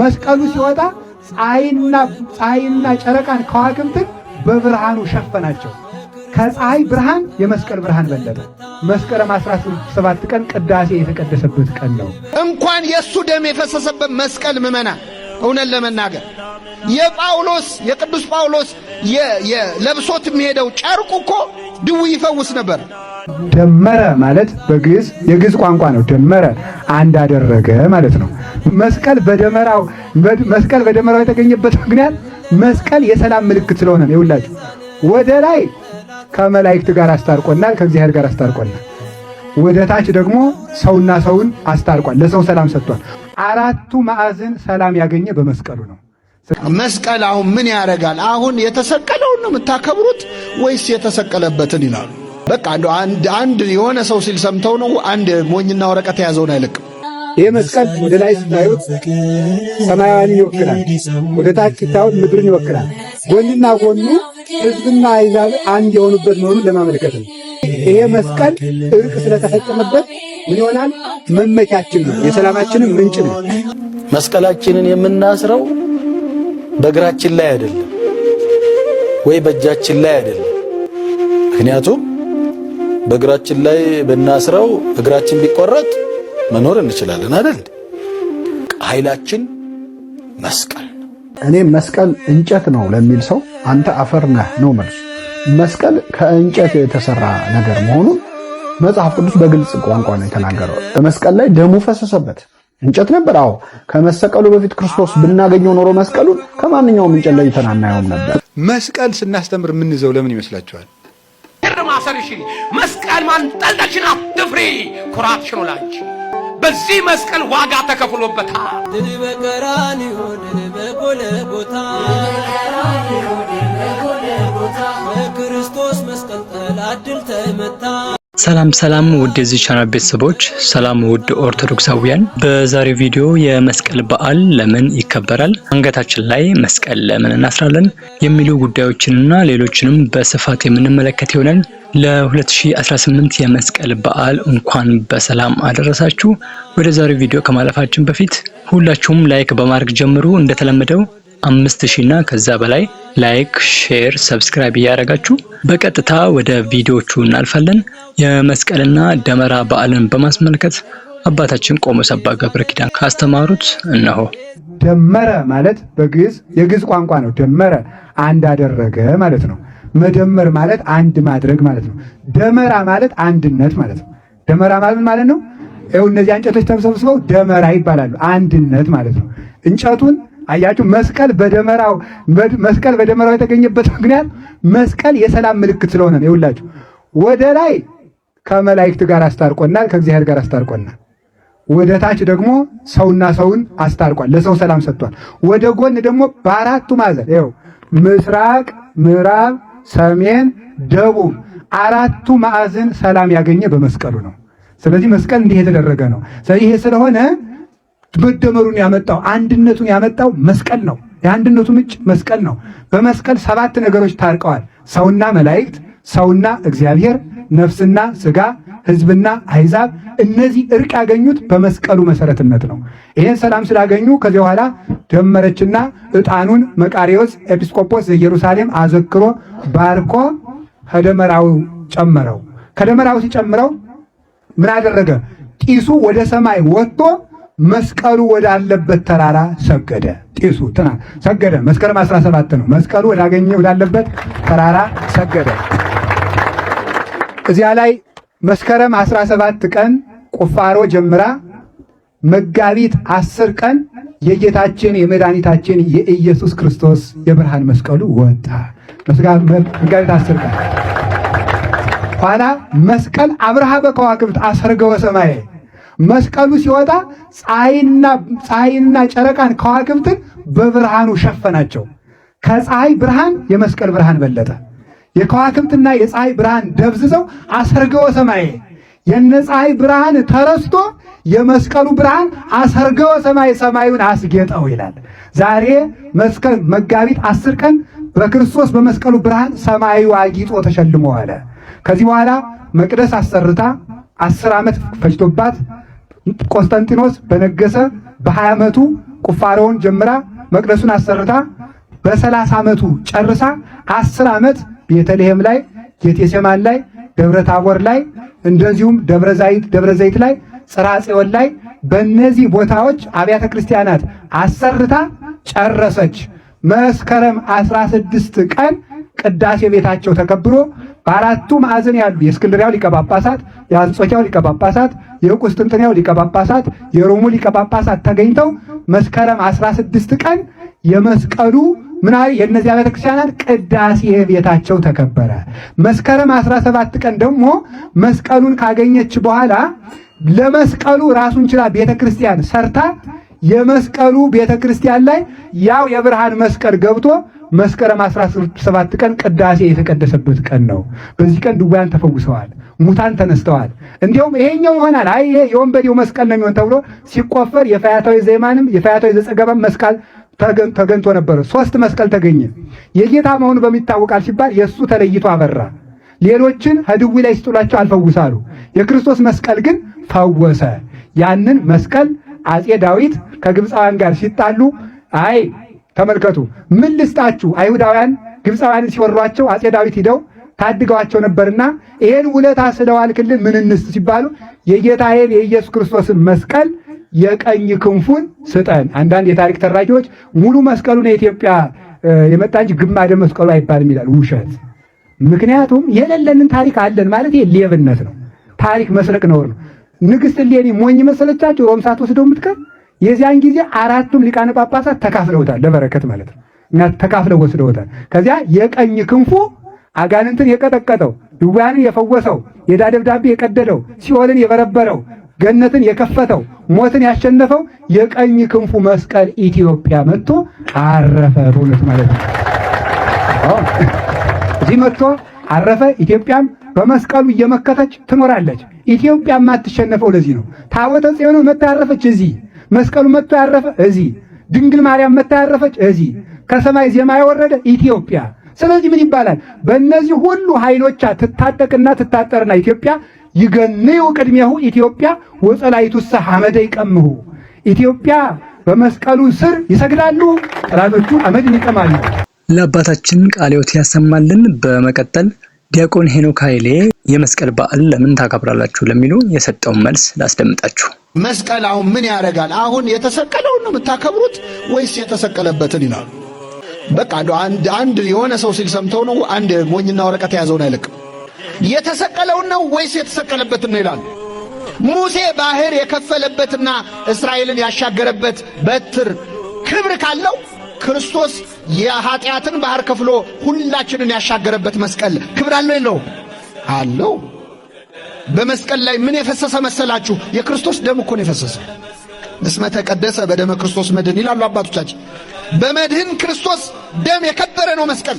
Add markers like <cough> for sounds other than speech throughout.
መስቀሉ ሲወጣ ፀሐይና ጨረቃን ከዋክብትን በብርሃኑ ሸፈናቸው። ከፀሐይ ብርሃን የመስቀል ብርሃን በለጠ። መስከረም 17 ቀን ቅዳሴ የተቀደሰበት ቀን ነው። እንኳን የእሱ ደም የፈሰሰበት መስቀል ምመና እውነት ለመናገር የጳውሎስ የቅዱስ ጳውሎስ ለብሶት የሚሄደው ጨርቁ እኮ ድው ይፈውስ ነበር። ደመረ ማለት በግዕዝ የግዕዝ ቋንቋ ነው። ደመረ አንድ አደረገ ማለት ነው። መስቀል በደመራው መስቀል በደመራው የተገኘበት ምክንያት መስቀል የሰላም ምልክት ስለሆነ ነው። ይውላችሁ ወደ ላይ ከመላእክት ጋር አስታርቆናል፣ ከእግዚአብሔር ጋር አስታርቆናል። ወደ ታች ደግሞ ሰውና ሰውን አስታርቋል፣ ለሰው ሰላም ሰጥቷል። አራቱ ማዕዘን ሰላም ያገኘ በመስቀሉ ነው። መስቀል አሁን ምን ያደርጋል? አሁን የተሰቀለውን ነው የምታከብሩት ወይስ የተሰቀለበትን ይላሉ። በቃ አንድ አንድ የሆነ ሰው ሲል ሰምተው ነው። አንድ ሞኝና ወረቀት የያዘውን አይለቅም። ይህ መስቀል ወደ ላይ ስታዩት ሰማያዊን ይወክላል፣ ወደ ታች ስታዩት ምድርን ይወክላል። ጎንና ጎኑ ሕዝብና አይዛብ አንድ የሆኑበት መሆኑን ለማመልከት ነው። ይሄ መስቀል እርቅ ስለተፈጸመበት ምን ይሆናል? መመቻችን ነው፣ የሰላማችንም ምንጭ ነው። መስቀላችንን የምናስረው በእግራችን ላይ አይደለም ወይ በእጃችን ላይ አይደለም። ምክንያቱም በእግራችን ላይ ብናስረው እግራችን ቢቆረጥ መኖር እንችላለን አይደል? ኃይላችን መስቀል። እኔ መስቀል እንጨት ነው ለሚል ሰው አንተ አፈር ነህ ነው መልሱ። መስቀል ከእንጨት የተሰራ ነገር መሆኑን መጽሐፍ ቅዱስ በግልጽ ቋንቋ ነው የተናገረው። መስቀል ላይ ደሙ ፈሰሰበት። እንጨት ነበር። አዎ ከመሰቀሉ በፊት ክርስቶስ ብናገኘው ኖሮ መስቀሉን ከማንኛውም እንጨት ለይተን አናየውም ነበር። መስቀል ስናስተምር የምንይዘው ለምን ይመስላችኋል? ማሰርሽን መስቀል ማንጠልጠልሽን አትፍሪ፣ ነው ላንቺ በዚህ መስቀል ዋጋ ተከፍሎበታል። ድል በቀራንዮ ድል በጎልጎታ በክርስቶስ መስቀል ጠላት ድል ተመታ። ሰላም ሰላም ውድ የዚህ ቻናል ቤተሰቦች፣ ሰላም ውድ ኦርቶዶክሳውያን። በዛሬው ቪዲዮ የመስቀል በዓል ለምን ይከበራል፣ አንገታችን ላይ መስቀል ለምን እናስራለን የሚሉ ጉዳዮችንና ሌሎችንም በስፋት የምንመለከት ይሆናል። ለ2018 የመስቀል በዓል እንኳን በሰላም አደረሳችሁ። ወደ ዛሬው ቪዲዮ ከማለፋችን በፊት ሁላችሁም ላይክ በማድረግ ጀምሩ። እንደተለመደው አምስት ሺህ እና ከዛ በላይ ላይክ፣ ሼር፣ ሰብስክራይብ እያደረጋችሁ በቀጥታ ወደ ቪዲዮቹ እናልፋለን። የመስቀልና ደመራ በዓልን በማስመልከት አባታችን ቆሞስ አባ ገብረ ኪዳን ካስተማሩት እነሆ። ደመረ ማለት በግዕዝ የግዕዝ ቋንቋ ነው። ደመረ አንድ አደረገ ማለት ነው። መደመር ማለት አንድ ማድረግ ማለት ነው። ደመራ ማለት አንድነት ማለት ነው። ደመራ ማለት ማለት ነው? ይኸው እነዚህ እንጨቶች ተሰብስበው ደመራ ይባላሉ። አንድነት ማለት ነው። እንጨቱን አያችሁ መስቀል በደመራው መስቀል በደመራው የተገኘበት ምክንያት መስቀል የሰላም ምልክት ስለሆነ ነው። ይውላችሁ ወደ ላይ ከመላእክት ጋር አስታርቆናል፣ ከእግዚአብሔር ጋር አስታርቆናል። ወደ ታች ደግሞ ሰውና ሰውን አስታርቋል፣ ለሰው ሰላም ሰጥቷል። ወደ ጎን ደግሞ በአራቱ ማዕዘን ይኸው ምስራቅ፣ ምዕራብ፣ ሰሜን፣ ደቡብ አራቱ ማዕዘን ሰላም ያገኘ በመስቀሉ ነው። ስለዚህ መስቀል እንዲህ የተደረገ ነው። ስለዚህ ይሄ ስለሆነ መደመሩን ያመጣው አንድነቱን ያመጣው መስቀል ነው። የአንድነቱ ምንጭ መስቀል ነው። በመስቀል ሰባት ነገሮች ታርቀዋል። ሰውና መላእክት፣ ሰውና እግዚአብሔር፣ ነፍስና ስጋ፣ ህዝብና አሕዛብ። እነዚህ እርቅ ያገኙት በመስቀሉ መሰረትነት ነው። ይህን ሰላም ስላገኙ ከዚህ በኋላ ደመረችና ዕጣኑን መቃሪዎስ ኤጲስቆጶስ ዘኢየሩሳሌም አዘክሮ ባርኮ ከደመራው ጨመረው። ከደመራው ሲጨምረው ምን አደረገ? ጢሱ ወደ ሰማይ ወጥቶ መስቀሉ ወዳለበት ተራራ ሰገደ። ጢሱ ትና ሰገደ። መስከረም 17 ነው። መስቀሉ ወዳገኘ ወዳለበት ተራራ ሰገደ። እዚያ ላይ መስከረም 17 ቀን ቁፋሮ ጀምራ መጋቢት 10 ቀን የጌታችን የመድኃኒታችን የኢየሱስ ክርስቶስ የብርሃን መስቀሉ ወጣ። መጋቢት 10 ቀን ኋላ መስቀል አብርሃ በከዋክብት አሰርገወ ሰማይ መስቀሉ ሲወጣ ፀሐይና ጨረቃን ከዋክብትን በብርሃኑ ሸፈናቸው። ከፀሐይ ብርሃን የመስቀል ብርሃን በለጠ። የከዋክብትና የፀሐይ ብርሃን ደብዝዘው አሰርገወ ሰማይ የነ ፀሐይ ብርሃን ተረስቶ የመስቀሉ ብርሃን አሰርገወ ሰማይ ሰማዩን አስጌጠው ይላል። ዛሬ መስቀል መጋቢት አስር ቀን በክርስቶስ በመስቀሉ ብርሃን ሰማዩ አጊጦ ተሸልሞ አለ። ከዚህ በኋላ መቅደስ አሰርታ አስር ዓመት ፈጅቶባት ቆስጠንጢኖስ በነገሰ በ20 ዓመቱ ቁፋሮውን ጀምራ መቅደሱን አሰርታ በ30 ዓመቱ ጨርሳ 10 አመት ቤተልሔም ላይ ጌቴሴማን ላይ ደብረታቦር ላይ እንደዚሁም ደብረ ደብረዘይት ላይ ጽርሐ ላይ በእነዚህ ቦታዎች አብያተ ክርስቲያናት አሰርታ ጨረሰች። መስከረም 16 ቀን ቅዳሴ ቤታቸው ተከብሮ በአራቱ ማዕዘን ያሉ የእስክንድሪያው ሊቀ ጳጳሳት፣ የአንጾኪያው ሊቀ ጳጳሳት፣ የቁስጥንጥንያው ሊቀ ጳጳሳት፣ የሮሙ ሊቀ ጳጳሳት ተገኝተው መስከረም 16 ቀን የመስቀሉ ምናዊ የእነዚያ ክርስቲያናት ቅዳሴ ቤታቸው ተከበረ። መስከረም 17 ቀን ደግሞ መስቀሉን ካገኘች በኋላ ለመስቀሉ ራሱን ችላ ቤተክርስቲያን ሰርታ የመስቀሉ ቤተ ክርስቲያን ላይ ያው የብርሃን መስቀል ገብቶ መስከረም 17 ቀን ቅዳሴ የተቀደሰበት ቀን ነው። በዚህ ቀን ድውያን ተፈውሰዋል፣ ሙታን ተነስተዋል። እንዲሁም ይሄኛው ይሆናል አይ ይሄ የወንበዴው መስቀል ነው የሚሆን ተብሎ ሲቆፈር የፈያታዊ ዘይማንም የፈያታዊ ዘጸገባም መስቀል ተገንቶ ነበረ። ሶስት መስቀል ተገኘ። የጌታ መሆኑ በሚታወቃል ሲባል የእሱ ተለይቶ አበራ። ሌሎችን ከድውይ ላይ ሲጥሏቸው አልፈውሳሉ። የክርስቶስ መስቀል ግን ፈወሰ። ያንን መስቀል አፄ ዳዊት ከግብፃውያን ጋር ሲጣሉ አይ ተመልከቱ፣ ምን ልስጣችሁ? አይሁዳውያን ግብፃውያንን ሲወሯቸው አፄ ዳዊት ሂደው ታድገዋቸው ነበርና ይሄን ውለታ ስለዋልክልን ምን እንስጥ ሲባሉ የጌታዬን የኢየሱስ ክርስቶስን መስቀል የቀኝ ክንፉን ስጠን። አንዳንድ የታሪክ ተራኪዎች ሙሉ መስቀሉን የኢትዮጵያ የመጣ እንጂ ግማደ መስቀሉ አይባልም ይላል። ውሸት። ምክንያቱም የሌለንን ታሪክ አለን ማለት ሌብነት ነው። ታሪክ መስረቅ ነውር ነው። ንግስት እሌኒ ሞኝ መሰለቻቸው ሮም ሳትወስደው የምትቀር የዚያን ጊዜ አራቱም ሊቃነ ጳጳሳት ተካፍለውታል ለበረከት ማለት ነው እና ተካፍለው ወስደውታል ከዚያ የቀኝ ክንፉ አጋንንትን የቀጠቀጠው ድውያንን የፈወሰው የዕዳ ደብዳቤ የቀደደው ሲኦልን የበረበረው ገነትን የከፈተው ሞትን ያሸነፈው የቀኝ ክንፉ መስቀል ኢትዮጵያ መጥቶ አረፈ። በእውነት ማለት ነው እዚህ መጥቶ አረፈ። ኢትዮጵያም በመስቀሉ እየመከተች ትኖራለች። ኢትዮጵያ የማትሸነፈው ለዚህ ነው። ታቦተ ጽዮን መታ ያረፈች እዚህ፣ መስቀሉ መጥቶ ያረፈ እዚህ፣ ድንግል ማርያም መታ ያረፈች እዚህ፣ ከሰማይ ዜማ የወረደ ኢትዮጵያ። ስለዚህ ምን ይባላል? በእነዚህ ሁሉ ኃይሎቿ ትታጠቅና ትታጠርና ኢትዮጵያ ይገንዩ ሁ ኢትዮጵያ ወጸላይቱሰ ሐመደ ይቀምሁ ኢትዮጵያ በመስቀሉ ስር ይሰግዳሉ፣ ጠላቶቹ አመድን ይቀማሉ። ለአባታችን ቃለ ያሰማልን። በመቀጠል ዲያቆን ሄኖክ ኃይሌ የመስቀል በዓል ለምን ታከብራላችሁ ለሚሉ የሰጠውን መልስ ላስደምጣችሁ። መስቀል አሁን ምን ያደርጋል? አሁን የተሰቀለውን ነው የምታከብሩት ወይስ የተሰቀለበትን ይላሉ። በቃ አንድ የሆነ ሰው ሲል ሰምተው ነው። አንድ ሞኝና ወረቀት የያዘውን አይለቅም። የተሰቀለውን ነው ወይስ የተሰቀለበትን ነው ይላሉ። ሙሴ ባህር የከፈለበትና እስራኤልን ያሻገረበት በትር ክብር ካለው ክርስቶስ የኃጢአትን ባህር ከፍሎ ሁላችንን ያሻገረበት መስቀል ክብር አለው የለው? አለው። በመስቀል ላይ ምን የፈሰሰ መሰላችሁ? የክርስቶስ ደም እኮ ነው የፈሰሰ። እስመ ተቀደሰ በደመ ክርስቶስ መድህን ይላሉ አባቶቻችን። በመድህን ክርስቶስ ደም የከበረ ነው መስቀል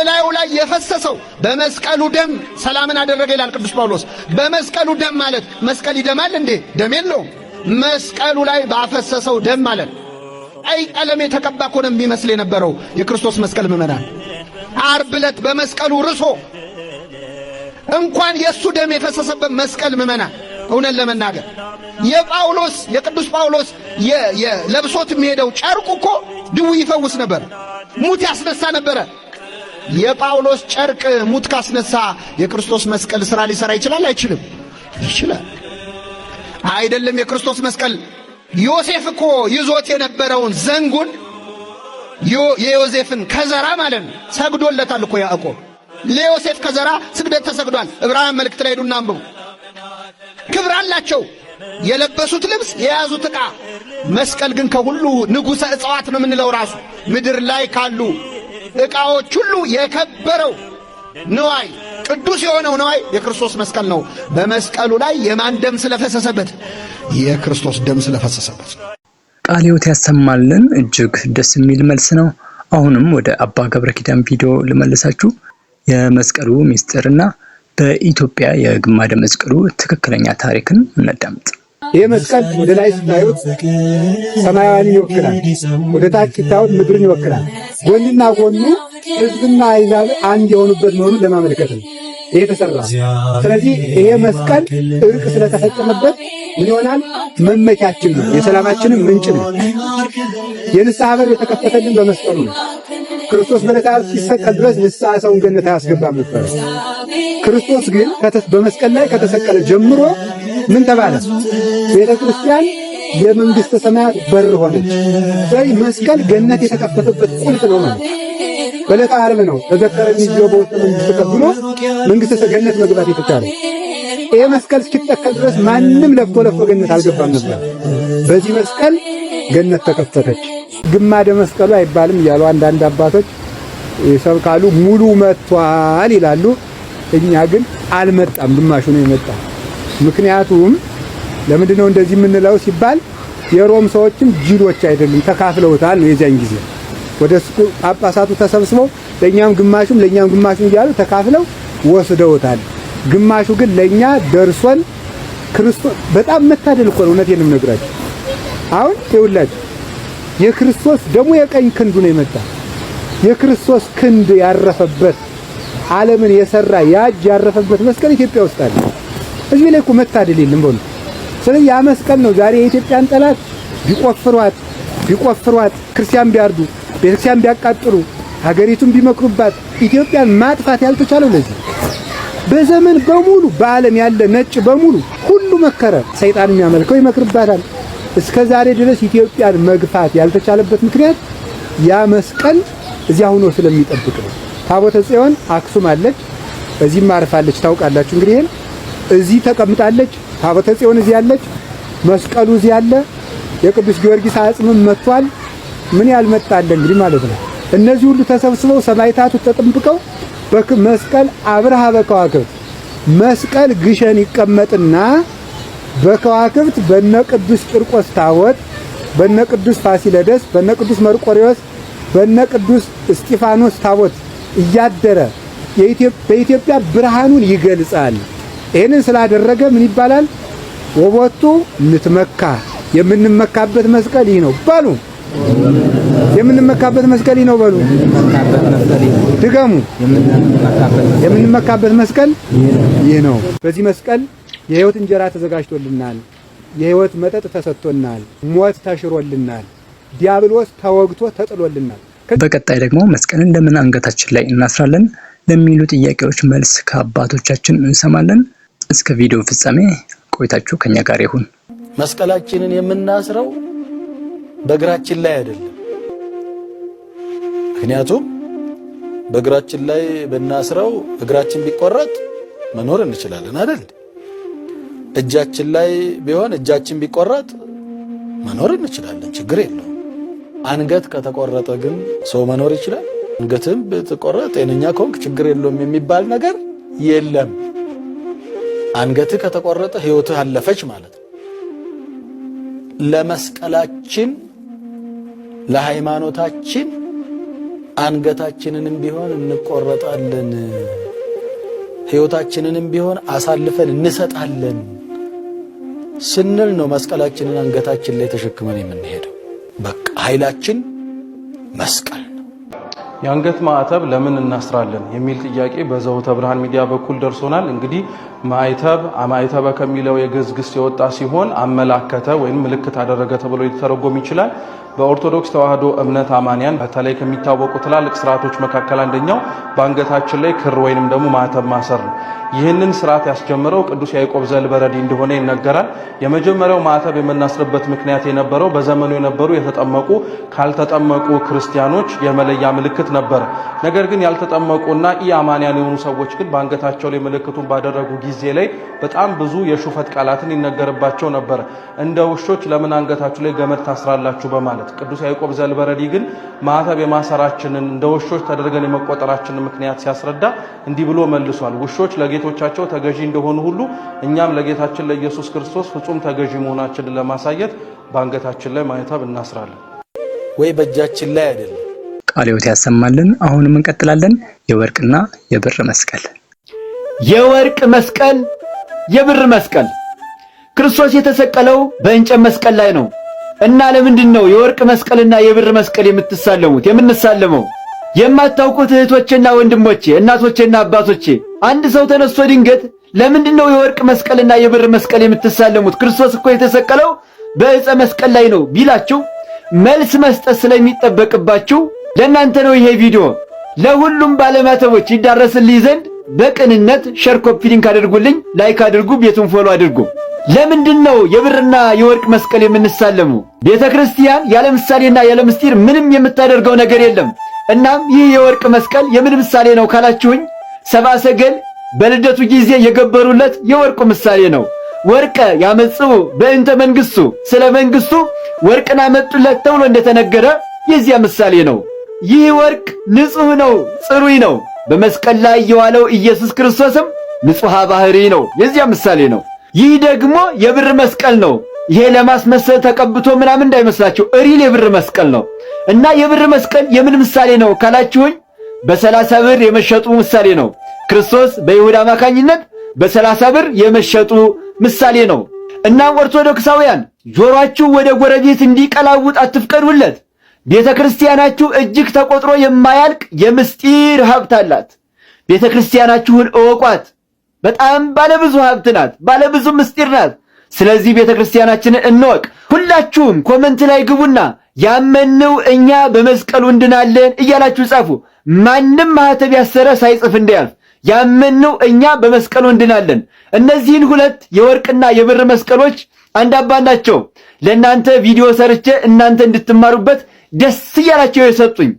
እላዩ ላይ የፈሰሰው በመስቀሉ ደም ሰላምን አደረገ ይላል ቅዱስ ጳውሎስ። በመስቀሉ ደም ማለት መስቀል ይደማል እንዴ? ደም የለውም። መስቀሉ ላይ ባፈሰሰው ደም ማለት ቀይ ቀለም የተቀባ እኮ ነው የሚመስል የነበረው የክርስቶስ መስቀል ምዕመናን ዓርብ ዕለት በመስቀሉ ርሶ እንኳን የእሱ ደም የፈሰሰበት መስቀል ምዕመናን እውነት ለመናገር የጳውሎስ የቅዱስ ጳውሎስ ለብሶት የሚሄደው ጨርቁ እኮ ድው ይፈውስ ነበር፣ ሙት ያስነሳ ነበረ። የጳውሎስ ጨርቅ ሙት ካስነሳ የክርስቶስ መስቀል ሥራ ሊሠራ ይችላል አይችልም? ይችላል። አይደለም የክርስቶስ መስቀል ዮሴፍ እኮ ይዞት የነበረውን ዘንጉን የዮሴፍን ከዘራ ማለት ነው ሰግዶለታል እኮ ያዕቆብ። ለዮሴፍ ከዘራ ስግደት ተሰግዷል። ዕብራውያን መልእክት ላይ ሄዱና አንብቡ። ክብር አላቸው የለበሱት ልብስ፣ የያዙት ዕቃ። መስቀል ግን ከሁሉ ንጉሠ እጽዋት ነው የምንለው ራሱ ምድር ላይ ካሉ ዕቃዎች ሁሉ የከበረው ንዋይ ቅዱስ የሆነው ንዋይ የክርስቶስ መስቀል ነው። በመስቀሉ ላይ የማን ደም ስለፈሰሰበት? የክርስቶስ ደም ስለፈሰሰበት። ቃለ ሕይወት ያሰማልን። እጅግ ደስ የሚል መልስ ነው። አሁንም ወደ አባ ገብረ ኪዳን ቪዲዮ ልመልሳችሁ። የመስቀሉ ምስጢርና በኢትዮጵያ የግማደ መስቀሉ ትክክለኛ ታሪክን እናዳምጥ። ይህ መስቀል ወደ ላይ ስታዩት ሰማያዊን ይወክላል፣ ወደ ታች ስታዩት ምድርን ይወክላል። ጎንና ጎኑ ሕዝብና አሕዛብ አንድ የሆኑበት መሆኑን ለማመልከት ነው ይሄ ተሰራ። ስለዚህ ይሄ መስቀል እርቅ ስለተፈጸመበት ምን ይሆናል? መመኪያችን ነው፣ የሰላማችንም ምንጭ ነው። የንስሐ በር የተከፈተልን በመስቀሉ ነው። ክርስቶስ በዕለታት ሲሰቀል ድረስ ንስሐ ሰውን ገነት አያስገባም ነበር። ክርስቶስ ግን በመስቀል ላይ ከተሰቀለ ጀምሮ ምን ተባለ? ቤተ ክርስቲያን የመንግሥተ ሰማያት በር ሆነች። ስለዚህ መስቀል ገነት የተከፈተበት ቁልፍ ነው ማለት በዕለተ ዓርብ ነው ተዘከረኒ እግዚኦ በውስተ መንግሥት ተብሎ መንግሥተ መግባት የተቻለ። ይህ መስቀል እስኪተከል ድረስ ማንም ለፍቶ ለፍቶ ገነት አልገባም ነበር። በዚህ መስቀል ገነት ተከፈተች። ግማደ መስቀሉ አይባልም እያሉ አንዳንድ አባቶች ይሰብካሉ። ሙሉ መጥቷል ይላሉ። እኛ ግን አልመጣም፣ ግማሹ ነው የመጣ። ምክንያቱም ለምንድን ነው እንደዚህ የምንለው ሲባል የሮም ሰዎችም ጅሎች አይደሉም፣ ተካፍለውታል ነው የዚያን ጊዜ ወደ ጳጳሳቱ ተሰብስበው ለእኛም ግማሹም ለእኛም ግማሹም እያሉ ተካፍለው ወስደውታል። ግማሹ ግን ለእኛ ደርሶን ክርስቶስ በጣም መታደል እኮ ነው። እውነቴንም ነግራችሁ አሁን ይውላችሁ የክርስቶስ ደግሞ የቀኝ ክንዱ ነው የመጣ የክርስቶስ ክንድ ያረፈበት ዓለምን የሰራ ያጅ ያረፈበት መስቀል ኢትዮጵያ ውስጥ አለ። እዚህ ላይ እኮ መታደል የለም ስለዚህ ያ መስቀል ነው ዛሬ የኢትዮጵያን ጠላት ቢቆፍሯት ቢቆፍሯት ክርስቲያን ቢያርዱ ቤተክርስቲያን ቢያቃጥሉ ሀገሪቱን ቢመክሩባት ኢትዮጵያን ማጥፋት ያልተቻለው ለዚህ በዘመን በሙሉ በዓለም ያለ ነጭ በሙሉ ሁሉ መከረ። ሰይጣን የሚያመልከው ይመክርባታል። እስከ ዛሬ ድረስ ኢትዮጵያን መግፋት ያልተቻለበት ምክንያት ያ መስቀል እዚያ ሆኖ ስለሚጠብቅ ነው። ታቦተ ጽዮን አክሱም አለች፣ እዚህም ማርፋለች። ታውቃላችሁ እንግዲህ ይሄን እዚህ ተቀምጣለች። ታቦተ ጽዮን እዚህ አለች፣ መስቀሉ እዚህ አለ፣ የቅዱስ ጊዮርጊስ አጽምም መጥቷል። ምን ያልመጣለ እንግዲህ ማለት ነው። እነዚህ ሁሉ ተሰብስበው ሰማይታቱ ተጠብቀው በመስቀል አብርሃ በከዋክብት መስቀል ግሸን ይቀመጥና በከዋክብት በነ ቅዱስ ቂርቆስ ታቦት፣ በነ ቅዱስ ፋሲለደስ፣ በነ ቅዱስ በነቅዱስ በነ ቅዱስ እስጢፋኖስ ታቦት እያደረ በኢትዮጵያ ብርሃኑን ይገልጻል። ይህንን ስላደረገ ምን ይባላል? ወቦቱ ምትመካ የምንመካበት መስቀል ይህ ነው በሉ። የምንመካበት መስቀል ይህ ነው በሉ። ድገሙ። የምንመካበት መስቀል ይህ ነው። በዚህ መስቀል የህይወት እንጀራ ተዘጋጅቶልናል፣ የህይወት መጠጥ ተሰጥቶናል፣ ሞት ተሽሮልናል፣ ዲያብሎስ ተወግቶ ተጥሎልናል። በቀጣይ ደግሞ መስቀልን ለምን አንገታችን ላይ እናስራለን ለሚሉ ጥያቄዎች መልስ ከአባቶቻችን እንሰማለን። እስከ ቪዲዮ ፍጻሜ ቆይታችሁ ከኛ ጋር ይሁን። መስቀላችንን የምናስረው በእግራችን ላይ አይደለም። ምክንያቱም በእግራችን ላይ ብናስረው እግራችን ቢቆረጥ መኖር እንችላለን አይደል? እጃችን ላይ ቢሆን እጃችን ቢቆረጥ መኖር እንችላለን፣ ችግር የለውም። አንገት ከተቆረጠ ግን ሰው መኖር ይችላል? አንገትም ብትቆረጥ ጤነኛ ከሆንክ ችግር የለውም የሚባል ነገር የለም። አንገትህ ከተቆረጠ ሕይወትህ አለፈች ማለት ነው። ለመስቀላችን ለሃይማኖታችን አንገታችንንም ቢሆን እንቆረጣለን፣ ሕይወታችንንም ቢሆን አሳልፈን እንሰጣለን። ስንል ነው መስቀላችንን አንገታችን ላይ ተሸክመን የምንሄደው። በቃ ኃይላችን መስቀል የአንገት ማዕተብ ለምን እናስራለን የሚል ጥያቄ በዘውተ ብርሃን ሚዲያ በኩል ደርሶናል። እንግዲህ ማዕተብ ማዕተበ ከሚለው የግዕዝ ግስ የወጣ ሲሆን አመላከተ ወይም ምልክት አደረገ ተብሎ ሊተረጎም ይችላል። በኦርቶዶክስ ተዋሕዶ እምነት አማንያን በተለይ ከሚታወቁ ትላልቅ ስርዓቶች መካከል አንደኛው በአንገታችን ላይ ክር ወይንም ደግሞ ማዕተብ ማሰር ነው። ይህንን ስርዓት ያስጀምረው ቅዱስ ያዕቆብ ዘልበረዲ እንደሆነ ይነገራል። የመጀመሪያው ማዕተብ የምናስርበት ምክንያት የነበረው በዘመኑ የነበሩ የተጠመቁ ካልተጠመቁ ክርስቲያኖች የመለያ ምልክት ነበር ነገር ግን ያልተጠመቁና ኢ አማንያን የሆኑ ሰዎች ግን በአንገታቸው ላይ ምልክቱን ባደረጉ ጊዜ ላይ በጣም ብዙ የሹፈት ቃላትን ይነገርባቸው ነበር እንደ ውሾች ለምን አንገታችሁ ላይ ገመድ ታስራላችሁ በማለት ቅዱስ ያዕቆብ ዘልበረዲ ግን ማተብ የማሰራችንን እንደ ውሾች ተደርገን የመቆጠራችንን ምክንያት ሲያስረዳ እንዲህ ብሎ መልሷል። ውሾች ለጌቶቻቸው ተገዢ እንደሆኑ ሁሉ እኛም ለጌታችን ለኢየሱስ ክርስቶስ ፍጹም ተገዢ መሆናችንን ለማሳየት በአንገታችን ላይ ማተብ እናስራለን። ወይ በእጃችን ላይ አይደለም። ቃለ ያሰማልን። አሁንም እንቀጥላለን። የወርቅና የብር መስቀል የወርቅ መስቀል የብር መስቀል ክርስቶስ የተሰቀለው በእንጨት መስቀል ላይ ነው። እና ለምንድን ነው የወርቅ መስቀልና የብር መስቀል የምትሳለሙት? የምንሳለመው የማታውቁት እህቶቼና ወንድሞቼ፣ እናቶቼና አባቶቼ፣ አንድ ሰው ተነስቶ ድንገት ለምንድን ነው የወርቅ መስቀልና የብር መስቀል የምትሳለሙት? ክርስቶስ እኮ የተሰቀለው በዕፀ መስቀል ላይ ነው ቢላችሁ መልስ መስጠት ስለሚጠበቅባችሁ ለእናንተ ነው ይሄ ቪዲዮ። ለሁሉም ባለማተቦች ይዳረስልኝ ዘንድ በቅንነት ሊንክ አድርጉልኝ፣ ላይክ አድርጉ፣ ቤቱን ፎሎ አድርጉ። ለምንድን ነው የብርና የወርቅ መስቀል የምንሳለሙ? ቤተ ክርስቲያን ያለ ምሳሌና ያለ ምስጢር ምንም የምታደርገው ነገር የለም። እናም ይህ የወርቅ መስቀል የምን ምሳሌ ነው ካላችሁኝ፣ ሰብአ ሰገል በልደቱ ጊዜ የገበሩለት የወርቁ ምሳሌ ነው። ወርቀ ያመጽኡ በእንተ መንግሥቱ፣ ስለ መንግሥቱ ወርቅን አመጡለት ተብሎ እንደተነገረ የዚያ ምሳሌ ነው። ይህ ወርቅ ንጹሕ ነው፣ ጽሩይ ነው። በመስቀል ላይ የዋለው ኢየሱስ ክርስቶስም ንጹሐ ባሕሪ ነው፣ የዚያ ምሳሌ ነው። ይህ ደግሞ የብር መስቀል ነው። ይሄ ለማስመሰል ተቀብቶ ምናምን እንዳይመስላችሁ እሪል የብር መስቀል ነው። እና የብር መስቀል የምን ምሳሌ ነው ካላችሁኝ በሰላሳ ብር የመሸጡ ምሳሌ ነው። ክርስቶስ በይሁዳ አማካኝነት በሰላሳ ብር የመሸጡ ምሳሌ ነው። እናም ኦርቶዶክሳውያን ጆሮአችሁ ወደ ጎረቤት እንዲቀላውጥ አትፍቀዱለት። ቤተ ክርስቲያናችሁ እጅግ ተቆጥሮ የማያልቅ የምስጢር ሀብት አላት። ቤተ ክርስቲያናችሁን እወቋት። በጣም ባለብዙ ሀብት ናት፣ ባለብዙ ምስጢር ናት። ስለዚህ ቤተ ክርስቲያናችንን እንወቅ። ሁላችሁም ኮመንት ላይ ግቡና ያመንነው እኛ በመስቀሉ እንድናለን እያላችሁ ጻፉ። ማንም ማህተብ ያሰረ ሳይጽፍ እንዲያልፍ ያመንነው እኛ በመስቀሉ እንድናለን። እነዚህን ሁለት የወርቅና የብር መስቀሎች አንድ አባ ናቸው ለእናንተ ቪዲዮ ሰርቼ እናንተ እንድትማሩበት ደስ እያላቸው የሰጡኝ።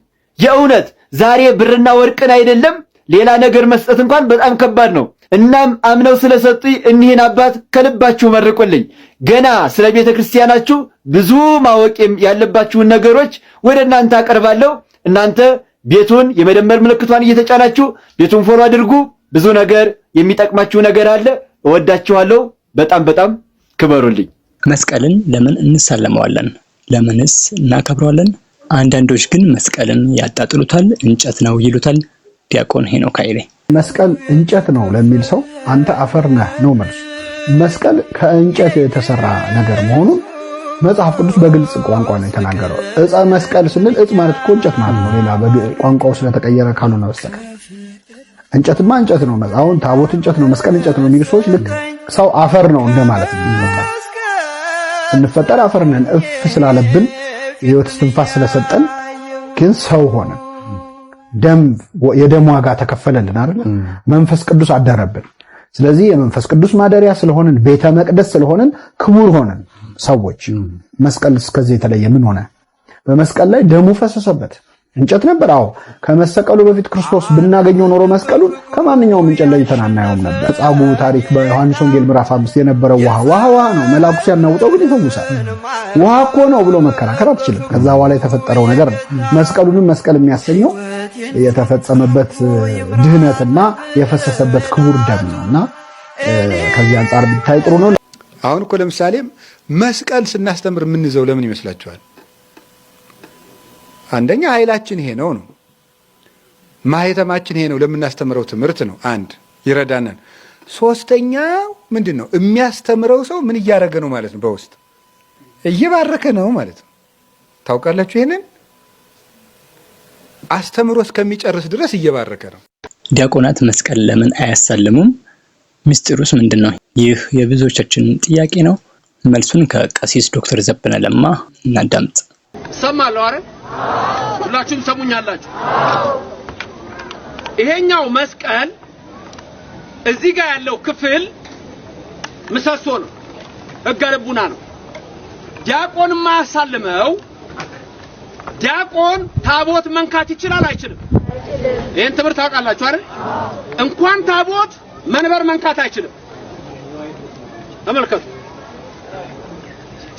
የእውነት ዛሬ ብርና ወርቅን አይደለም ሌላ ነገር መስጠት እንኳን በጣም ከባድ ነው። እናም አምነው ስለሰጡኝ እኒህን አባት ከልባችሁ መርቁልኝ። ገና ስለ ቤተ ክርስቲያናችሁ ብዙ ማወቅ ያለባችሁን ነገሮች ወደ እናንተ አቀርባለሁ። እናንተ ቤቱን የመደመር ምልክቷን እየተጫናችሁ ቤቱን ፎሎ አድርጉ። ብዙ ነገር የሚጠቅማችሁ ነገር አለ። እወዳችኋለሁ። በጣም በጣም ክበሩልኝ። መስቀልን ለምን እንሳለመዋለን? ለምንስ እናከብረዋለን? አንዳንዶች ግን መስቀልን ያጣጥሉታል፣ እንጨት ነው ይሉታል። ዲያቆን ሄኖክ ኃይሌ። መስቀል እንጨት ነው ለሚል ሰው አንተ አፈር ነህ ነው መልሱ። መስቀል ከእንጨት የተሰራ ነገር መሆኑን መጽሐፍ ቅዱስ በግልጽ ቋንቋ ነው የተናገረው። ዕፀ መስቀል ስንል ዕፅ ማለት እኮ እንጨት ማለት ነው። ሌላ ቋንቋው ስለተቀየረ ካልሆነ በስተቀር እንጨትማ እንጨት ነው። አሁን ታቦት እንጨት ነው፣ መስቀል እንጨት ነው የሚሉ ሰዎች ልክ ሰው አፈር ነው እንደማለት ነው። ስንፈጠር አፈር ነን። እፍ ስላለብን ህይወት እስትንፋስ ስለሰጠን ግን ሰው ሆነን የደም ዋጋ ተከፈለልን አይደል? መንፈስ ቅዱስ አደረብን። ስለዚህ የመንፈስ ቅዱስ ማደሪያ ስለሆንን ቤተ መቅደስ ስለሆንን ክቡር ሆንን ሰዎች መስቀል እስከዚህ የተለየ ምን ሆነ? በመስቀል ላይ ደሙ ፈሰሰበት። እንጨት ነበር። አዎ ከመሰቀሉ በፊት ክርስቶስ ብናገኘው ኖሮ መስቀሉን ከማንኛውም እንጨት ለይተን አናየውም ነበር። ጻጉዕ ታሪክ በዮሐንስ ወንጌል ምዕራፍ አምስት የነበረው ውሃ ውሃ ውሃ ነው፣ መላኩ ሲያናውጠው ግን ይፈውሳል። ውሃ እኮ ነው ብሎ መከራከር አትችልም። ከዛ በኋላ የተፈጠረው ነገር ነው። መስቀሉንም መስቀል የሚያሰኘው የተፈጸመበት ድህነትና የፈሰሰበት ክቡር ደም ነውና ከዚህ አንጻር ብታይ ጥሩ ነው። አሁን እኮ ለምሳሌ መስቀል ስናስተምር ይዘው ለምን ይመስላችኋል? አንደኛ ኃይላችን ይሄ ነው ነው ማህተማችን ይሄ ነው። ለምናስተምረው ትምህርት ነው። አንድ ይረዳናል። ሶስተኛው ምንድን ነው? የሚያስተምረው ሰው ምን እያደረገ ነው ማለት ነው? በውስጥ እየባረከ ነው ማለት ነው። ታውቃላችሁ፣ ይሄንን አስተምሮ እስከሚጨርስ ድረስ እየባረከ ነው። ዲያቆናት መስቀል ለምን አያሳልሙም? ሚስጢሩስ ምንድን ነው? ይህ የብዙዎቻችን ጥያቄ ነው። መልሱን ከቀሲስ ዶክተር ዘበነ ለማ እናዳምጥ። ሰማለሁ ሁላችሁም ሰሙኛላችሁ። ይሄኛው መስቀል እዚህ ጋር ያለው ክፍል ምሰሶ ነው፣ ሕገ ልቡና ነው። ዲያቆን ማሳልመው ዲያቆን ታቦት መንካት ይችላል አይችልም? ይህን ትምህርት ታውቃላችሁ አይደል? እንኳን ታቦት መንበር መንካት አይችልም። ተመልከቱ።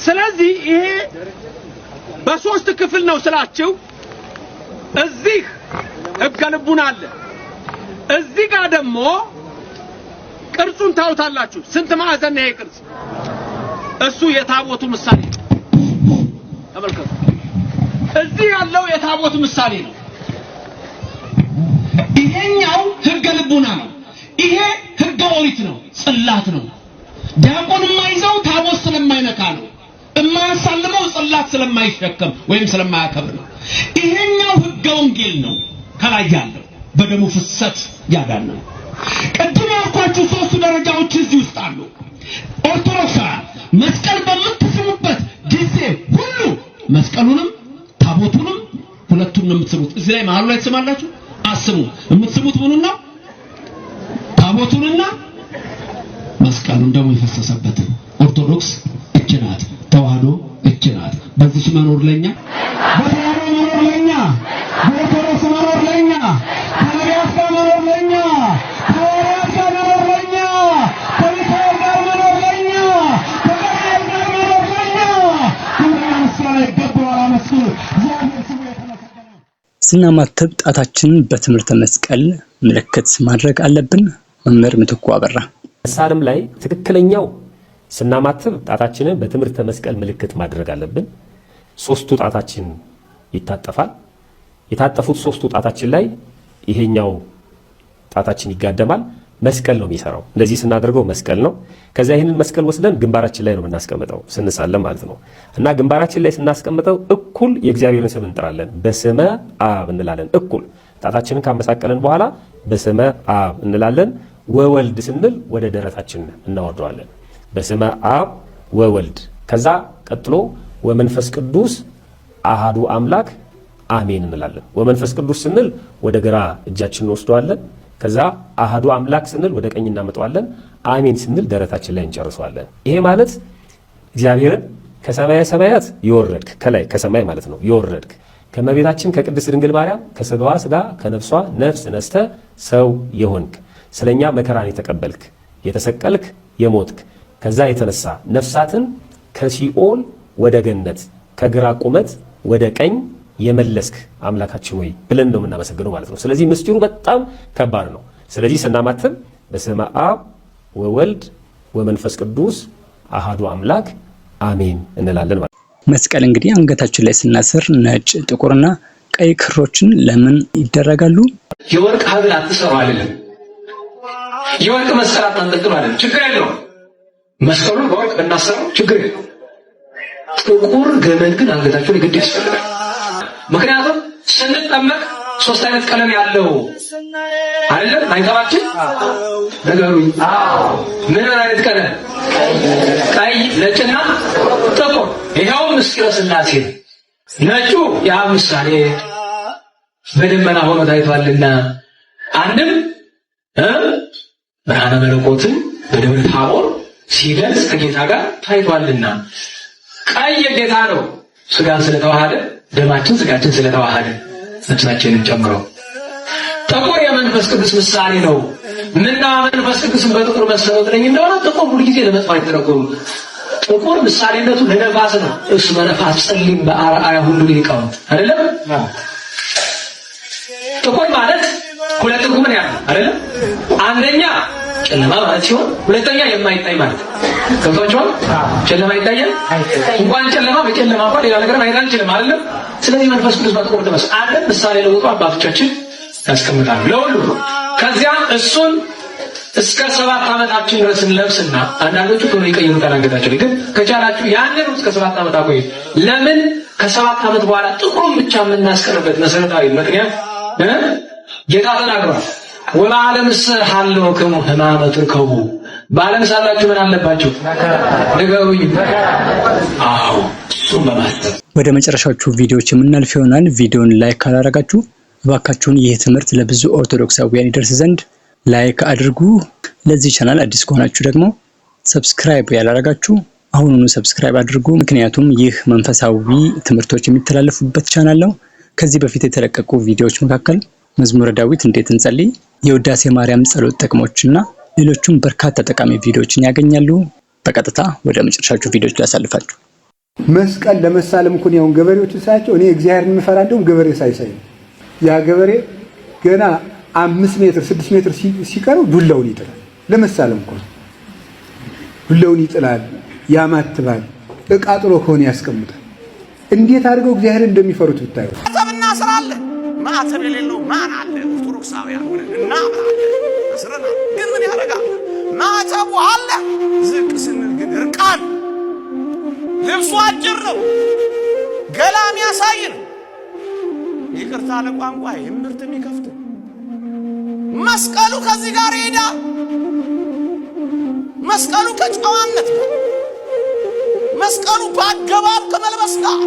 ስለዚህ ይሄ በሶስት ክፍል ነው ስላችሁ፣ እዚህ ህገ ልቡና አለ። እዚህ ጋር ደግሞ ቅርጹን ታውታላችሁ። ስንት ማዕዘን ነው ይሄ ቅርጽ? እሱ የታቦቱ ምሳሌ ነው። ተመልከቱ። እዚህ ያለው የታቦት ምሳሌ ነው። ይሄኛው ህገ ልቡና ነው። ይሄ ህገ ኦሪት ነው፣ ጽላት ነው። ዲያቆንማ ስለማይሸከም ወይም ስለማያከብር ነው። ይሄኛው ህገ ወንጌል ነው። ከላይ ያለው በደሙ ፍሰት ያዳነ ነው። ቅድም ያልኳችሁ ሶስቱ ደረጃዎች እዚህ ውስጥ አሉ። ኦርቶዶክሳውያን መስቀል በምትስሙበት ጊዜ ሁሉ መስቀሉንም ታቦቱንም ሁለቱን ነው የምትስሙት። እዚህ ላይ መሀሉ ላይ ትስማላችሁ። አስሙ። የምትስሙት ምኑን ነው? ታቦቱንና መስቀሉን ደግሞ የፈሰሰበትን ኦርቶዶክስ እችናት ተዋህዶ እች ናት። በዚች መኖር ለኛ በተዋህዶ መኖር ለኛ በኦርቶዶክስ መኖር ለኛ ከነቢያት ጋር መኖር ለኛ ከሐዋርያት ጋር መኖር ለኛ ከሚካኤል ጋር መኖር ለኛ ከገብርኤል ጋር መኖር ለኛ ክብርና ምስጋና ይገባዋል። አመስግኑ። ጣታችንን በትምህርተ መስቀል ምልክት ማድረግ አለብን። መምህር ምትኩ አበራ ሳልም ላይ ትክክለኛው ስናማትብ ጣታችንን በትምህርተ መስቀል ምልክት ማድረግ አለብን። ሶስቱ ጣታችን ይታጠፋል። የታጠፉት ሶስቱ ጣታችን ላይ ይሄኛው ጣታችን ይጋደማል። መስቀል ነው የሚሰራው። እንደዚህ ስናደርገው መስቀል ነው። ከዚያ ይህንን መስቀል ወስደን ግንባራችን ላይ ነው የምናስቀምጠው ስንሳለን ማለት ነው። እና ግንባራችን ላይ ስናስቀምጠው እኩል የእግዚአብሔርን ስም እንጥራለን። በስመ አብ እንላለን። እኩል ጣታችንን ካመሳቀለን በኋላ በስመ አብ እንላለን። ወወልድ ስንል ወደ ደረታችን እናወርደዋለን። በስመ አብ ወወልድ ከዛ ቀጥሎ ወመንፈስ ቅዱስ አሃዱ አምላክ አሜን እንላለን። ወመንፈስ ቅዱስ ስንል ወደ ግራ እጃችን እንወስደዋለን። ከዛ አሃዱ አምላክ ስንል ወደ ቀኝ እናመጠዋለን። አሜን ስንል ደረታችን ላይ እንጨርሰዋለን። ይሄ ማለት እግዚአብሔርን ከሰማያ ሰማያት የወረድክ ከላይ ከሰማይ ማለት ነው የወረድክ ከመቤታችን ከቅድስት ድንግል ማርያም ከስጋዋ ስጋ ከነፍሷ ነፍስ ነስተ ሰው የሆንክ ስለኛ መከራን የተቀበልክ የተሰቀልክ የሞትክ ከዛ የተነሳ ነፍሳትን ከሲኦል ወደ ገነት ከግራ ቁመት ወደ ቀኝ የመለስክ አምላካችን ወይ ብለን ነው የምናመሰግነው ማለት ነው። ስለዚህ ምስጢሩ በጣም ከባድ ነው። ስለዚህ ስናማትም በስመ አብ ወወልድ ወመንፈስ ቅዱስ አሃዱ አምላክ አሜን እንላለን ማለት ነው። መስቀል እንግዲህ አንገታችን ላይ ስናስር ነጭ፣ ጥቁርና ቀይ ክሮችን ለምን ይደረጋሉ? የወርቅ ሀብል አትሰሩ አይደለም። የወርቅ መስቀል አታንጠልጥሉ አይደለም። ችግር የለውም መስቀሉን በወርቅ እናሰራው ችግር የለው። ጥቁር ገመድ ግን አንገታቸው ላይ ግድ ያስፈልጋል። ምክንያቱም ስንጠመቅ ሶስት አይነት ቀለም ያለው አይደለም አንቀባችን ነገሩኝ። ምን አይነት ቀለም? ቀይ፣ ነጭና ጥቁር። ይኸውም ምስጢረ ስላሴ ነው። ነጩ ያ ምሳሌ በደመና ሆኖ ታይቷልና አንድም ብርሃነ መለኮትን በደብረ ታቦር ሲደርስ ከጌታ ጋር ታይቷልና ቀይ የጌታ ነው። ስጋን ስለተዋሃደ ደማችን ስጋችን ስለተዋሃደ ነፍሳችንን ጨምሮ ጥቁር የመንፈስ ቅዱስ ምሳሌ ነው። ምና መንፈስ ቅዱስን በጥቁር መሰረት ነኝ እንደሆነ ጥቁር ጊዜ ለመጥፋ አይተረጎም። ጥቁር ምሳሌነቱ ለነፋስ ነው። እሱ በነፋስ ጸሊም በአርአያ ሁሉ ሊቃውንት አይደለም። ጥቁር ማለት ሁለት ትርጉም ያለ አይደለም አንደኛ ጨለማ ማለት ሲሆን ሁለተኛ የማይታይ ማለት ገብቷቸዋል። ጨለማ ይታያል። እንኳን ጨለማ በጨለማ እንኳን ሌላ ነገር ማየት አንችልም አይደለም። ስለዚህ መንፈስ ቅዱስ በጥቁር ደመስ አለም ምሳሌ ለውጡ አባቶቻችን ያስቀምጣሉ ለሁሉ። ከዚያም እሱን እስከ ሰባት ዓመታችን ድረስ እንለብስና አንዳንዶቹ ቶሎ ይቀይሩታል አንገታቸው፣ ግን ከቻላችሁ ያንን እስከ ሰባት ዓመት አቆይ። ለምን ከሰባት ዓመት በኋላ ጥቁሩን ብቻ የምናስቀርበት መሰረታዊ ምክንያት ጌታ ተናግሯል። ወበዓለምስ ሀለወክሙ ህማመ ትርከቡ በዓለም ሳላችሁ ምን አለባችሁ ንገሩኝ። አዎ እሱም በማሰብ ወደ መጨረሻዎቹ ቪዲዮዎች የምናልፍ ይሆናል። ቪዲዮን ላይክ ካላረጋችሁ እባካችሁን ይህ ትምህርት ለብዙ ኦርቶዶክሳውያን ይደርስ ዘንድ ላይክ አድርጉ። ለዚህ ቻናል አዲስ ከሆናችሁ ደግሞ ሰብስክራይብ ያላረጋችሁ አሁኑኑ ሰብስክራይብ አድርጉ። ምክንያቱም ይህ መንፈሳዊ ትምህርቶች የሚተላለፉበት ቻናል ነው። ከዚህ በፊት የተለቀቁ ቪዲዮዎች መካከል መዝሙረ ዳዊት እንዴት እንጸልይ፣ የውዳሴ ማርያም ጸሎት ጥቅሞችና ሌሎቹም በርካታ ጠቃሚ ቪዲዮዎችን ያገኛሉ። በቀጥታ ወደ መጨረሻችሁ ቪዲዮዎች ላሳልፋችሁ። መስቀል ለመሳለም እኮ ያሁን ገበሬዎች ሳያቸው እኔ እግዚአብሔርን የምፈራ እንደውም ገበሬ ሳይሳይ ያ ገበሬ ገና አምስት ሜትር ስድስት ሜትር ሲቀረው ዱላውን ይጥላል። ለመሳለም እኮ ዱላውን ይጥላል፣ ያማትባል፣ እቃ ጥሎ ከሆነ ያስቀምጣል። እንዴት አድርገው እግዚአብሔር እንደሚፈሩት ብታዩ ማዕተብ የሌለው ማን አለ? ኦርቶዶክሳውያን ሆነ እናምናለን፣ መስረናል። ግን ምን ያደርጋል? ማተቡ አለ። ዝቅ ስንል ግን እርቃን ልብሱ አጭር ነው፣ ገላም ያሳይ ነው። ይቅርታ ለቋንቋ የምርት የሚከፍት መስቀሉ ከዚህ ጋር ይሄዳል። መስቀሉ ከጨዋነት መስቀሉ በአገባብ ከመልበስ ጋር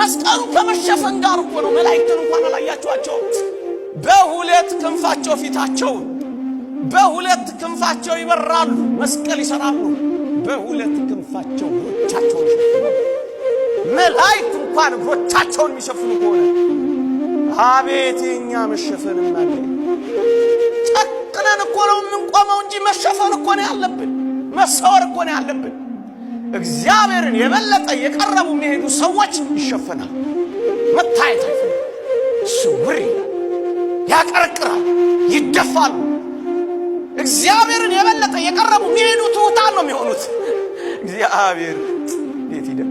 መስቀሉ ከመሸፈን ጋር እኮ ነው። መላእክትን እንኳን አላያችኋቸው። በሁለት ክንፋቸው ፊታቸው በሁለት ክንፋቸው ይበራሉ፣ መስቀል ይሰራሉ። በሁለት ክንፋቸው እግሮቻቸውን መላእክት እንኳን እግሮቻቸውን የሚሸፍኑ ከሆነ አቤት የኛ መሸፈንም አለ። ጨክነን እኮ ነው የምንቆመው እንጂ መሸፈን እኮ ነው ያለብን፣ መሰወር እኮ ነው ያለብን። እግዚአብሔርን የበለጠ የቀረቡ የሚሄዱ ሰዎች ይሸፈናል። መታየት አይፈ ስውር ያቀረቅራል፣ ይደፋሉ። እግዚአብሔርን የበለጠ የቀረቡ የሚሄዱ ትሑታን ነው የሚሆኑት። እግዚአብሔር ይደቅ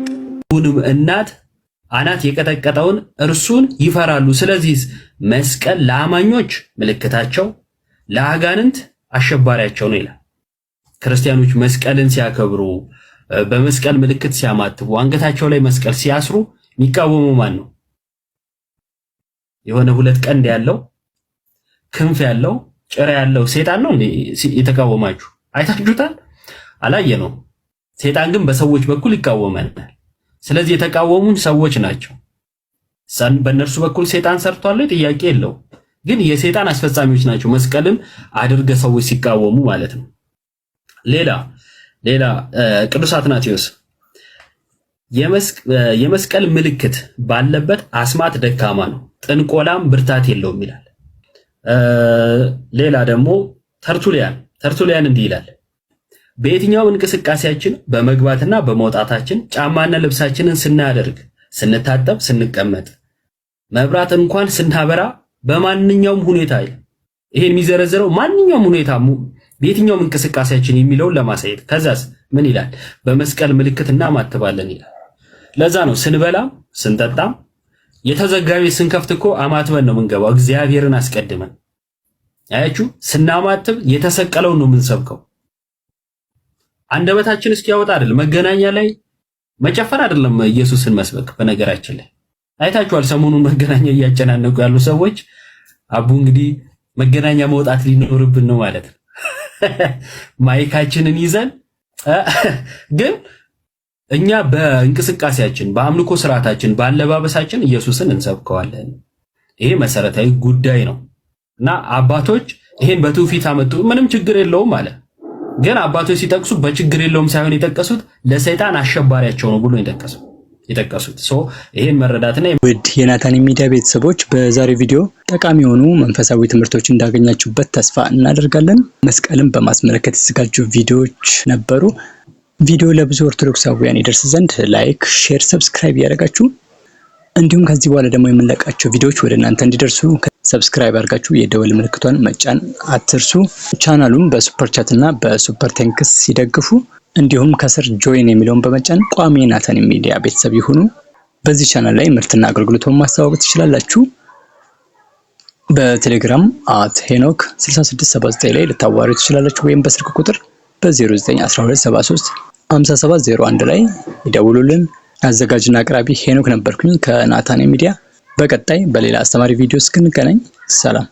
ሁሉም እናት አናት የቀጠቀጠውን እርሱን ይፈራሉ። ስለዚህ መስቀል ለአማኞች ምልክታቸው፣ ለአጋንንት አሸባሪያቸው ነው ይላል። ክርስቲያኖች መስቀልን ሲያከብሩ በመስቀል ምልክት ሲያማትቡ፣ አንገታቸው ላይ መስቀል ሲያስሩ የሚቃወሙ ማን ነው? የሆነ ሁለት ቀንድ ያለው ክንፍ ያለው ጭራ ያለው ሴጣን ነው እንዴ የተቃወማችሁ? አይታችሁታል? አላየ ነው። ሴጣን ግን በሰዎች በኩል ይቃወመናል። ስለዚህ የተቃወሙን ሰዎች ናቸው። በእነርሱ በኩል ሴጣን ሰርቷል፣ ጥያቄ የለው። ግን የሴጣን አስፈጻሚዎች ናቸው። መስቀልም አድርገ ሰዎች ሲቃወሙ ማለት ነው። ሌላ ሌላ ቅዱስ አትናቴዎስ የመስቀል ምልክት ባለበት አስማት ደካማ ነው፣ ጥንቆላም ብርታት የለውም ይላል። ሌላ ደግሞ ተርቱሊያን ተርቱሊያን እንዲህ ይላል በየትኛውም እንቅስቃሴያችን በመግባትና በመውጣታችን ጫማና ልብሳችንን ስናደርግ፣ ስንታጠብ፣ ስንቀመጥ፣ መብራት እንኳን ስናበራ በማንኛውም ሁኔታ ይህን የሚዘረዝረው ማንኛውም ሁኔታ በየትኛውም እንቅስቃሴያችን የሚለውን ለማሳየት ከዛስ ምን ይላል? በመስቀል ምልክት እናማትባለን ይላል። ለዛ ነው ስንበላም ስንጠጣም የተዘጋቢ ስንከፍት እኮ አማትበን ነው የምንገባው፣ እግዚአብሔርን አስቀድመን። አያችሁ፣ ስናማትብ የተሰቀለውን ነው የምንሰብከው። አንደበታችን እስኪያወጣ አይደል መገናኛ ላይ መጨፈር አይደለም ኢየሱስን መስበክ። በነገራችን ላይ አይታችኋል፣ ሰሞኑን መገናኛ እያጨናነቁ ያሉ ሰዎች አቡ እንግዲህ መገናኛ መውጣት ሊኖርብን ነው ማለት ነው። <laughs> ማይካችንን ይዘን <laughs> ግን እኛ በእንቅስቃሴያችን፣ በአምልኮ ስርዓታችን፣ በአለባበሳችን ኢየሱስን እንሰብከዋለን። ይሄ መሰረታዊ ጉዳይ ነው እና አባቶች ይሄን በትውፊት አመጡ፣ ምንም ችግር የለውም አለ። ግን አባቶች ሲጠቅሱ በችግር የለውም ሳይሆን የጠቀሱት ለሰይጣን አሸባሪያቸው ነው ብሎ የጠቀሱት የጠቀሱት። ይህን መረዳትና ውድ የናታን ሚዲያ ቤተሰቦች በዛሬ ቪዲዮ ጠቃሚ የሆኑ መንፈሳዊ ትምህርቶች እንዳገኛችሁበት ተስፋ እናደርጋለን። መስቀልን በማስመለከት የተዘጋጁ ቪዲዮዎች ነበሩ። ቪዲዮ ለብዙ ኦርቶዶክሳውያን ይደርስ ዘንድ ላይክ፣ ሼር፣ ሰብስክራይብ እያደረጋችሁ እንዲሁም ከዚህ በኋላ ደግሞ የምንለቃቸው ቪዲዮዎች ወደ እናንተ እንዲደርሱ ሰብስክራይብ አድርጋችሁ የደወል ምልክቷን መጫን አትርሱ። ቻናሉን በሱፐር ቻት እና በሱፐር ቴንክስ ሲደግፉ እንዲሁም ከስር ጆይን የሚለውን በመጫን ቋሚ ናተን ሚዲያ ቤተሰብ ይሁኑ። በዚህ ቻናል ላይ ምርትና አገልግሎትን ማስተዋወቅ ትችላላችሁ። በቴሌግራም አት ሄኖክ 6679 ላይ ልታዋሪ ትችላላችሁ ወይም በስልክ ቁጥር በ091273 ላይ ይደውሉልን። አዘጋጅና አቅራቢ ሄኖክ ነበርኩኝ ከናታን ሚዲያ። በቀጣይ በሌላ አስተማሪ ቪዲዮ እስክንገናኝ ሰላም።